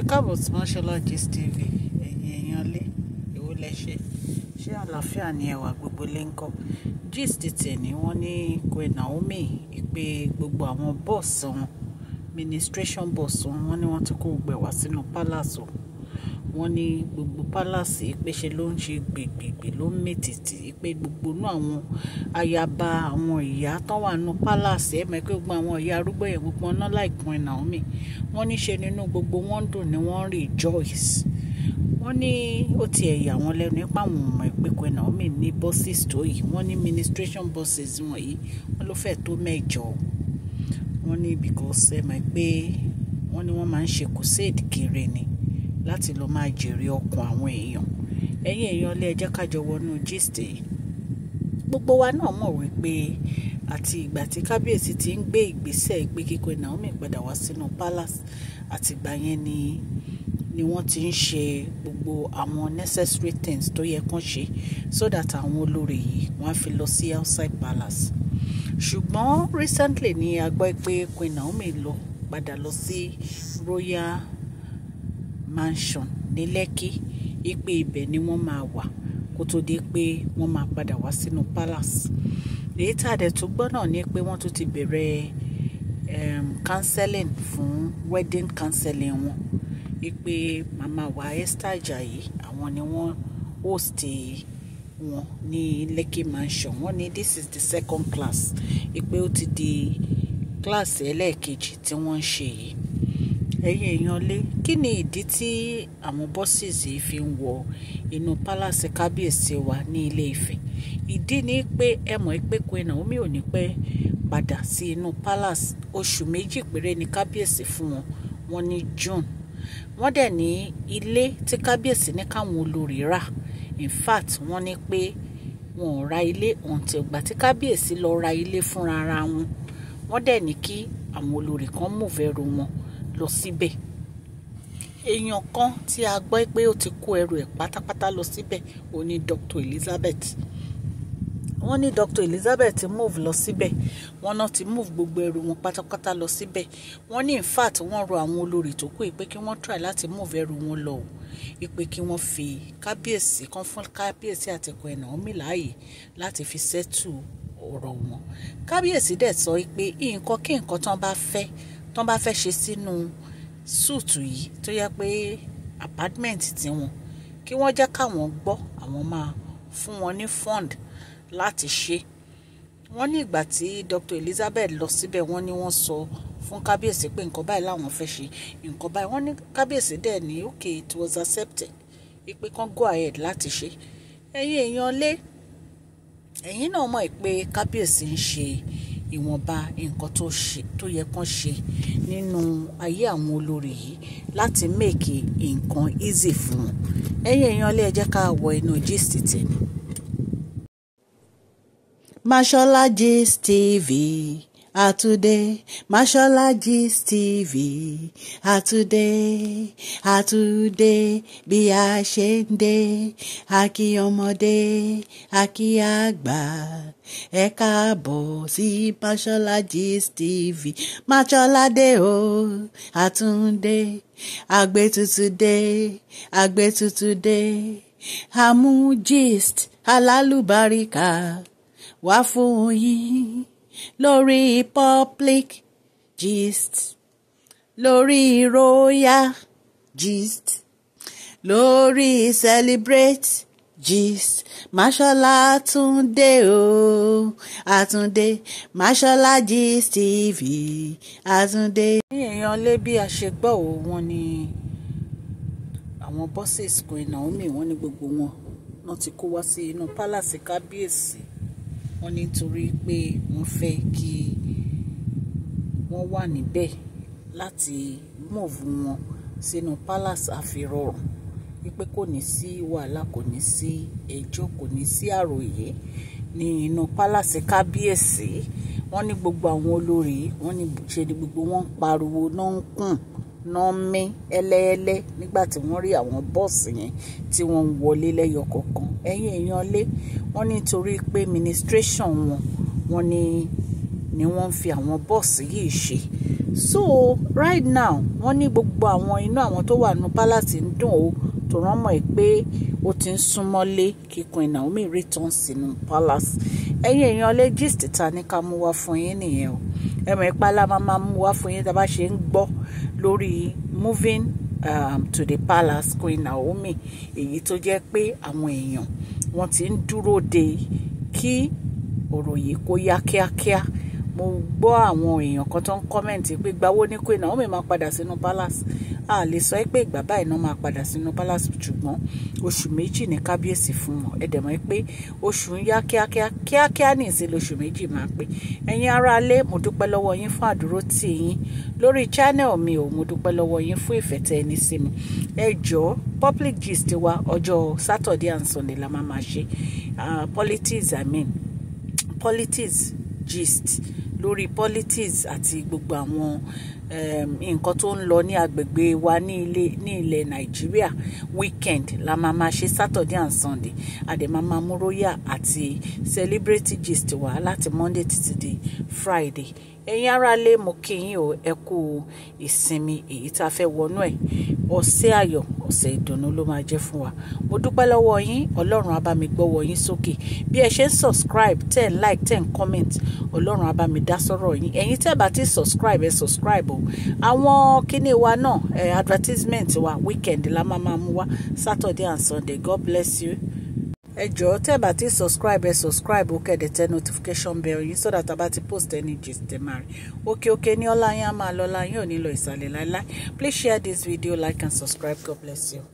ẹ káàbọ̀ sí Mashola Gist TV ẹ̀yin èèyàn lé èwo lẹ ṣe ṣé àlàáfíà ni ẹwà gbogbo lè ń kọ́ gist tẹ̀ni wọ́n ní Queen Naomi ìpè gbogbo àwọn bọ́ọ̀sì wọn ministration bọ́ọ̀sì wọn wọ́n ní wọ́n ti kó gbẹ̀ sínú palace o wọ́n ní gbogbo pálásì ìpèsè ló ń ṣe gbègbègbè ló ń mètìtì pé gbogbo inú àwọn ayaba àwọn ìyá tán wà nù pálásì ẹ̀mọ́ pé gbogbo àwọn ìyá arúgbó yẹn gbogbo ọ̀nà láìpọ́n Naomi wọ́n ní ṣe nínú gbogbo wọn dùn ni wọ́n rejoice wọ́n ní ó ti ẹ̀yà wọn lẹ́nu nípa àwọn ọmọ ìpínpín Naomi ní bosses tó yìí wọ́n ní ministration bosses wọ̀nyí wọ́n ló fẹ́ẹ̀ tó mẹ́jọ wọ́n ní because ẹ mọ̀ pé wọ́n ní wọ́n máa ń ṣe crusade kiri ni láti lọ máa jèrè ọkàn àwọn èèyàn ẹ̀yin èèyàn lẹ jẹ́ kájọ wọnú gist yìí gbogbo wa náà mọ̀ wípé àti ìgbà tí kábíyèsí ti ń gbé ìgbésẹ̀ ìgbé kíkọ Naomi padà wá sínú palace àtìgbà yẹn ni ni wọ́n ti ń ṣe gbogbo àwọn necessary things tó yẹ kán ṣe so that àwọn olórí yìí wọ́n á fi lọ sí outside palace ṣùgbọ́n recently ni a gbọ́ pé Queen Naomi lọ padà lọ sí royal mansion ní Lẹ́kí ipe ibẹ̀ ni wọ́n máa wà kó tó di pé wọ́n máa padà wá sínú palace èyí tá a dẹ̀ tún gbọ́ náà ni pé wọ́n tún ti bẹ̀rẹ̀ um, counseling fún wedding counseling wọn ipe màmá wa Esther Ajayi àwọn ni wọ́n host wọn ní Lekki mansion wọ́n ní this is the second class ipe ó ti di kíláàsì ẹlẹ́ẹ̀kejì tí wọ́n ń ṣe yìí ẹ̀yin èèyàn lé kí ni ìdí tí àwọn bosses yìí fi ń wọ inú pálásì kábíyèsí wa ní ilé Ifẹ̀ ìdí ni pé ẹ mọ̀ pé Queen Naomi ò ní pẹ́ padà sí inú palace oṣù méjì péré ni kábíyèsí fún wọn wọ́n ní June wọ́n dẹ̀ ní ilé tí kábíyèsí ní káwọn olórí rà in fact wọ́n ní pé wọn ò ra ilé ọ̀ǹtẹ̀ ìgbà tí kábíyèsí lọ ra ilé fúnra ara wọn wọ́n dẹ̀ ní kí àwọn olórí kan move ẹrù wọn lọ síbẹ̀ èèyàn kan tí a gbọ́ pé ó ti kó ẹrù ẹ̀ pátápátá lọ síbẹ̀ ó ní Dr. Elizabeth wọ́n ní Dr. Elizabeth move lọ síbẹ̀ wọ́n náà ti move gbogbo ẹrù wọn pátápátá lọ síbẹ̀ wọ́n ní in fact wọ́n rọ àwọn olórí tó kù pé kí wọ́n try láti move ẹrù wọn lọ o ìpè kí wọ́n fi kábíyèsí kan fún kábíyèsí àtẹ̀kọ́ ẹ̀ Naomi láàyè láti fi sẹ́tù ọ̀rọ̀ wọn kábíyèsí dẹ̀ sọ pé nǹkan kí nǹkan tán bá fẹ́ tán bá fẹ́ ṣe sínú súùtù yìí tó yẹ pé apartment tí wọn kí wọ́n jẹ́ káwọn gbọ́ àwọn máa fún wọn ní fund láti ṣe wọ́n ní ìgbà tí Dr. Elizabeth lọ síbẹ̀ wọ́n ní wọ́n sọ fún kábíyèsí pé nǹkan báyìí làwọn fẹ́ ṣe nǹkan báyìí wọ́n ní kábíyèsí dẹ̀ ní ok it was accepted ìpè kan go ahead láti ṣe ẹ̀yin èèyàn lé ẹ̀yin náà mọ̀ pé kábíyèsí ń ṣe ìwọ̀nba nǹkan tó yẹ kán ṣe nínú ayé àwọn olórí yìí láti make nǹkan easy fún wọn ẹ̀yin èèyàn ilé ẹ ká wọ inú gist tèmi. Mashola Gist TV Atude, Mashola Gist TV. Atude, bí a ṣe ń dé. A kí ọmọdé, a kí àgbà. Ẹ káàbọ̀ sí Mashola Gist TV. Mashola dé o, Atunde. Àgbétutù dé, àgbétutù dé. Àmú gist alálùbáríkà wá fún yín lórí public gist lórí royal gist lórí celebrate gist máṣọ́lá túndé o àtúndé máṣọ́lá gist tv àtúndé. ní èèyàn lé bí a ṣe gbọ́ ò wọ́n ní àwọn bọ́sẹ̀ Queen Naomi wọ́n ní gbogbo wọn wọ́n ti kó wá sí inú pálàsì kábíyèsí wọ́n nítorí pé wọ́n fẹ́ kí wọ́n wà níbẹ̀ láti mọ̀ọ́fù wọn sínú palace àfirọ̀rùn wípé kò ní sí wàhálà kò ní sí ẹjọ́ kò ní sí àròyé ní inú palace kábíyèsí wọ́n ní gbogbo àwọn olórí wọ́n ní ṣe ni gbogbo wọn ń pariwo náà ń kùn náà mí nígbà tí wọ́n rí àwọn bọ́ọ̀sì yẹn tí wọ́n ń wọlé lẹ́yọ kọ̀ọ̀kan èèyàn lé wọ́n nítorí pé ministration wọn wọ́n ní ni wọ́n ń fi àwọn bọ́ọ̀sì yìí ṣe so right now wọ́n ní gbogbo àwọn inú àwọn tó wà nù pálásì ń dùn o tó rán mọ́ ẹ pé ó ti ń súnmọ́lé kíkún Naomi return sínú palace ẹ̀yin èèyàn lé gist ta ní ká mú wá fún yín nìyẹn o ẹ̀mọ̀ ìpalá máa máa mú wá fún yín tá a bá ṣe ń gbọ́ lórí moving um, to the palace Queen Naomi èyí tó jẹ́ pé àwọn èèyàn wọ́n ti ń dúró de kí ọ̀rọ̀ yìí kó yá kíákíá mo gbọ́ àwọn èèyàn kan tó ń kọ́mẹ̀ntì pé gbawó ní Queen Naomi máa padà sínú palace a lè sọ pé ìgbà báyìí náà máa padà sínú palace ṣùgbọ́n oṣù méjì ní kábíyèsí fún wọn ẹ dẹ̀mọ́ pé oṣù ń yá kíákíá kíákíá ní ìsinmi oṣù méjì máa pé ẹ̀yin aráalé mo dúpẹ́ lọ́wọ́ yín fún àdúró tì yín lórí channel mi ò mo dúpẹ́ lọ́wọ́ yín fún ìfẹ́ tẹ ẹni sí mi ẹ jọ̀ọ́ public gist wa ọjọ́ Saturday and Sunday la máa máa ṣe ah, politics i mean politics gist lórí politics àti gbogbo àwọn ehm, nǹkan tó ń lọ ní agbègbè wa ní ilé ní ilẹ̀ nàìjíríà weekend la máa máa ṣe saturday and sunday àdèmá máa mú róyà àti celebrity gist wá láti monday títí di friday ẹ̀yin ará lé mo kí yín o ẹ kú ìsinmi èyí tá a fẹ́ wọnú ẹ̀ ọ̀sẹ̀ ayọ̀ ọ̀sẹ̀ ìdùnnú ló máa jẹ́ fún wa mo dúpẹ́ lọ́wọ́ yín ọlọ́run á yín sókè bí ẹ ṣe ń subscribe ten like ten comment ọlọ́run á mi dá sọ́rọ̀ yín ẹ̀yin tẹ́ bá ti subscribe ẹ subscribe o àwọn kíní wa náà eh, advertisement wa weekend la máa máa mú wa Saturday and Sunday God bless you ẹ jọ̀ọ́ tẹ́ bá ti subscribe ẹ subscribe ó kẹ́dẹ̀ tẹ notification bell yín so that abá ti post any gist ẹ máa rí òkè òkè ní ọlá yín á máa lọ ọlá ò ní lọ ìsàlẹ̀ láéláé please share this video like and subscribe god bless you.